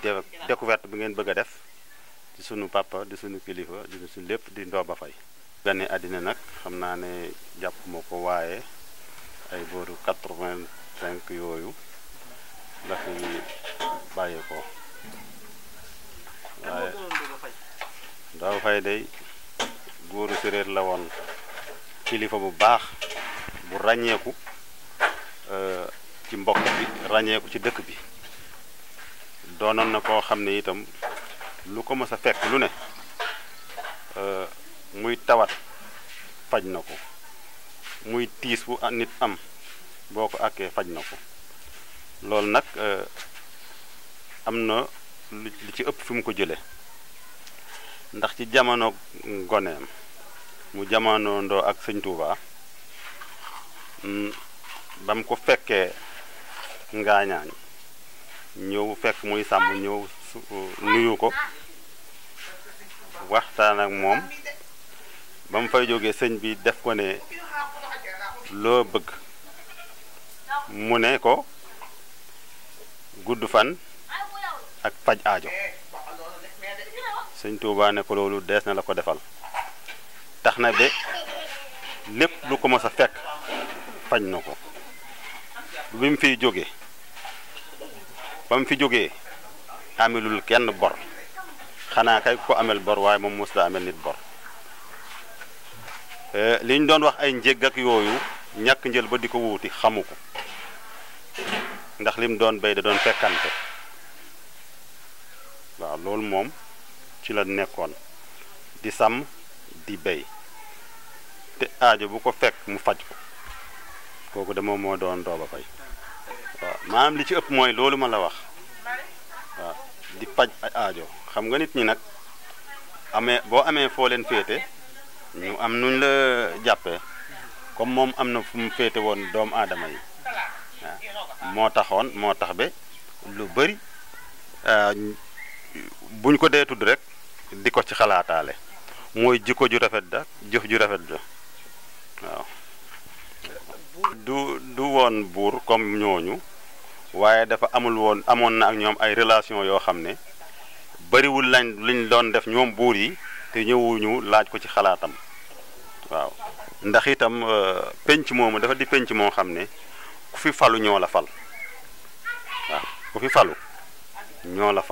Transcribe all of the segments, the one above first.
ci découverte bi ngeen bëgg a def ci sunu papa di suñu kilifa di sunu lépp di Ndomba fay gane àddina nag xam naa ne jàpp ko waaye ay booru 85 yooyu la fi bàyyee ko waaye Ndomba Faye góoru séréer la woon kilifa bu baax bu ràññeeku euh, ci mbokk bi ràññeeku ci dëkk bi doonoon na koo xam ne itam lu ko mës a fekk lu ne euh, muy tawat faj na ko muy tiis bu nit am boo ko àkkee faj na ko loolu nag euh, am na lu ci ëpp fi mu ko jële ndax ci jamono goneem mu jamono ndoo ak sëñ Touba mm, ba ko fekkee ngaañaañ ñëw fekk muy sàmm ñëw uh, nuyu ko waxtaan ak moom ba mu fay jógee sëñ bi def ko ne loo bëgg mu ne ko gudd fan ak faj aajo sëñ Tuubaa ne ko loolu dees na la ko defal tax na ba lépp lu ko mos a fekk faj na ko bi mu fiy jógee ba mu fi jógee amelul kenn bor xanaa kay ko amel bor waaye moom mos la amel nit bor eh, li ñu doon wax ay njégg ak yooyu ñàkk njël ba di ko wuuti xamu ko ndax lim doon bay da doon fekkante waaw loolu moom ci la nekkoon di sàmm di bay te aajo bu ko fekk mu faj ko kooku de moom moo doon dooba fay maanaam li ci ëpp mooy loolu ma la wax waaw di paj ajo xam nga nit ñi nag amee boo amee foo leen féete ñu am nuñ la jàppee comme moom am na fu mu féete woon doomu aadama yi moo taxoon moo tax ba lu bëri ah, buñ ko dee tudd rek di ko ci xalaataale mooy jikko ju rafet da jëf ju rafet da waaw du du woon buur comme ñooñu waaye dafa amul woon amoon na ak ñoom ay relation yoo xam ne bariwul lañ liñ doon def ñoom buur yi te ñëwuñu laaj ko ci xalaatam waaw ndax itam euh, penc moomu dafa di penc moo xam ne ku fi falu ñoo la fal waaw falu ñoo la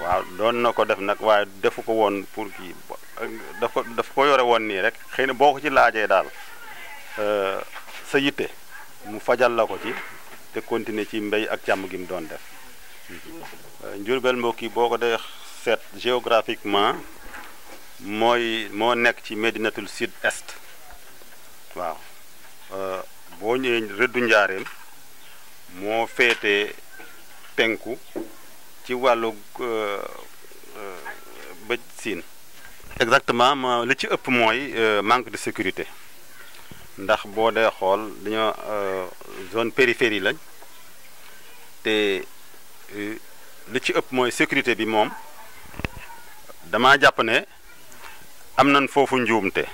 waaw doon na ko def nag waaye defu ko woon pour kii daf ko daf ko yore woon nii rek xëy na boo ko ci laajee daal euh, sa yitte mu fajal la ko ci te ci mbéy ak càmm gi mu doon def euh, Njurbel mbokk boo ko dee seet géographiquement mooy moo nekk ci Médinatul Sud Est waaw euh, boo ñëwee rëddu njaareem moo féetee penku ci wàllu euh, bëj siin exactement ma li ci ëpp mooy manque de sécurité ndax boo dee xool dañoo zone périphérie lañ te euh, li ci ëpp mooy sécurité bi moom dama jàpp ne am nañ foofu njuumte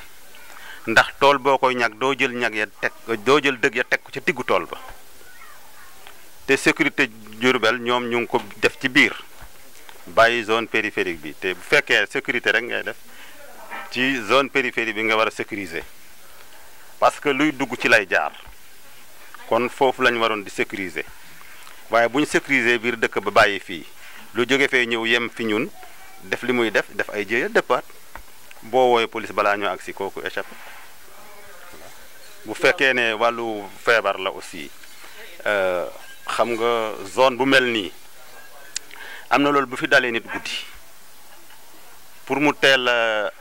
ndax tool boo koy ñag doo jël ñag ya teg doo jël dëgg ya teg ko ca diggu tool ba te sécurité Diourbel ñoom ñu ngi ko def ci biir bàyyi zone périphérique bi te bu fekkee sécurité rek ngay def ci zone périphérique bi nga war a sécuriser parce que luy dugg ci lay jaar kon foofu lañ waroon di sécuriser waaye buñ ñu sécuriser biir dëkk ba bàyyi fii lu jóge fee ñëw yem fi ñun def li muy def def ay jéeya dëppaat boo woowee police balaa ñoo agsi kooku échappé bu fekkee ne wàllu feebar la aussi euh, xam nga zone bu mel nii am na loolu bu fi dalee nit guddi pour mu teel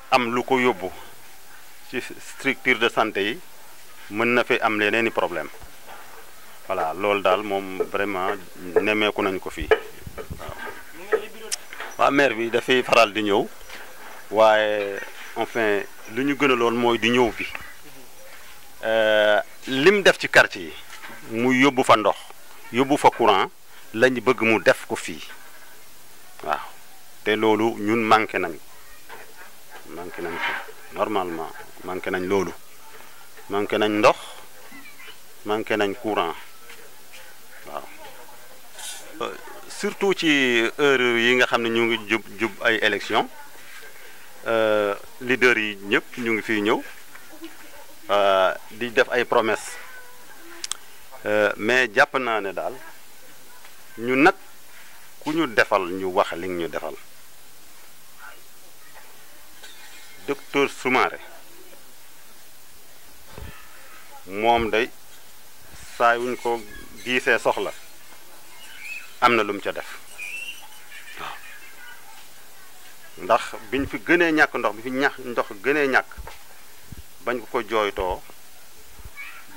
am lu ko yóbbu ci structure de santé yi mën na fi am leneen i problème voilà loolu daal moom vraiment nemmeeku nañ ko fii waaw. waa bi dafay faral di ñëw waaye enfin lu ñu gëna lool mooy di ñëw bi euh, lim def ci quartier yi muy yóbbu fa ndox yóbbu fa courant lañu bëgg mu def ko fii waaw te loolu ñun manqué nañ manqué nañ ko normalement manqué nañ loolu manqué nañ ndox manqué nañ courant. surtout ci heure yi nga xam ne ñu ngi jub jub ay élection euh, leader yi ñëpp ñu ngi fi ñëw euh, di def ay promesse euh, mais jàpp naa ne daal ñu nag ku ñu defal ñu wax li ñu defal docteur Soumaré moom day saa yuñ ko diisee soxla am na lu mu ca def waaw ndax biñ fi gënee ñàkk ndox bi fi ñax ndox gënee ñàkk bañ ko ko jooytoo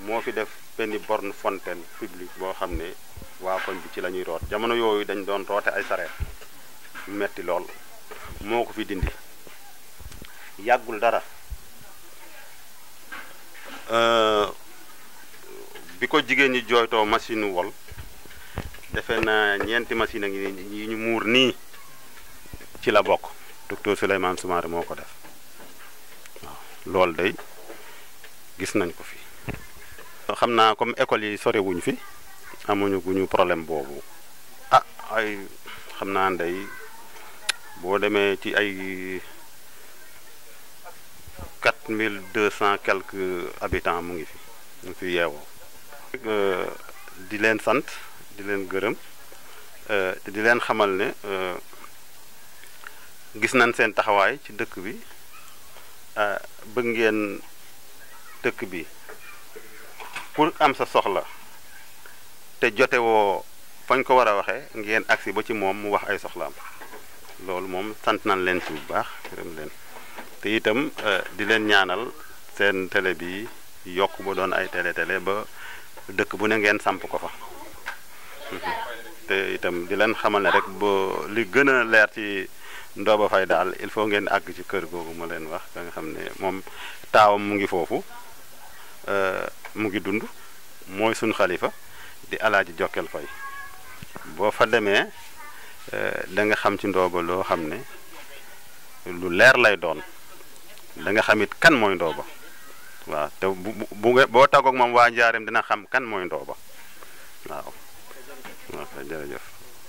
moo fi def benn borne fontaine publique boo xam ne waa koñ bi ci la ñuy root jamono yooyu dañ doon roote ay sareet metti lool moo ko fi dindi yàggul dara euh, bi ko jigéen ñi jooytoo machine wol defe na ñeenti machine a ngi yi ñu muur nii ci la bokk docteur Souleymane Soumaré moo ko def waaw loolu day gis nañ ko fi xam naa comme école yi sore wuñ fi amuñu guñu problème boobu ah ay xam naa ndey boo demee ci ay quatre mille deux cent quelques habitants mu ngi fi mu fi yeewoo euh, di leen sant di leen gërëm euh, te di leen xamal ne euh, gis nañ seen taxawaay ci dëkk bi euh, bëgg ngeen dëkk bi pour am sa soxla te jote woo fañ ko war a waxee ngeen agsi ba ci moom mu wax ay soxlaam loolu moom sant nañ leen si bu baax gërëm leen te itam di leen ñaanal seen tele bi yokk ba doon ay télé télé ba dëkk bu ne ngeen samp ko fa te itam di leen xamal ne rek boo li gën a leer ci Ndooba Faye daal il faut ngeen àgg ci kër googu ma leen wax nga xam ne moom taawam mu ngi foofu euh, mu ngi dund mooy suñ xalifa di alaaji Jokkel Faye boo fa demee euh, da nga xam ci Ndooba loo xam ne lu leer lay doon da nga xam it kan mooy Ndooba waaw te bu bu boo tàggoog moom waa njaareem dina xam kan mooy Ndooba waaw ok jërëjëf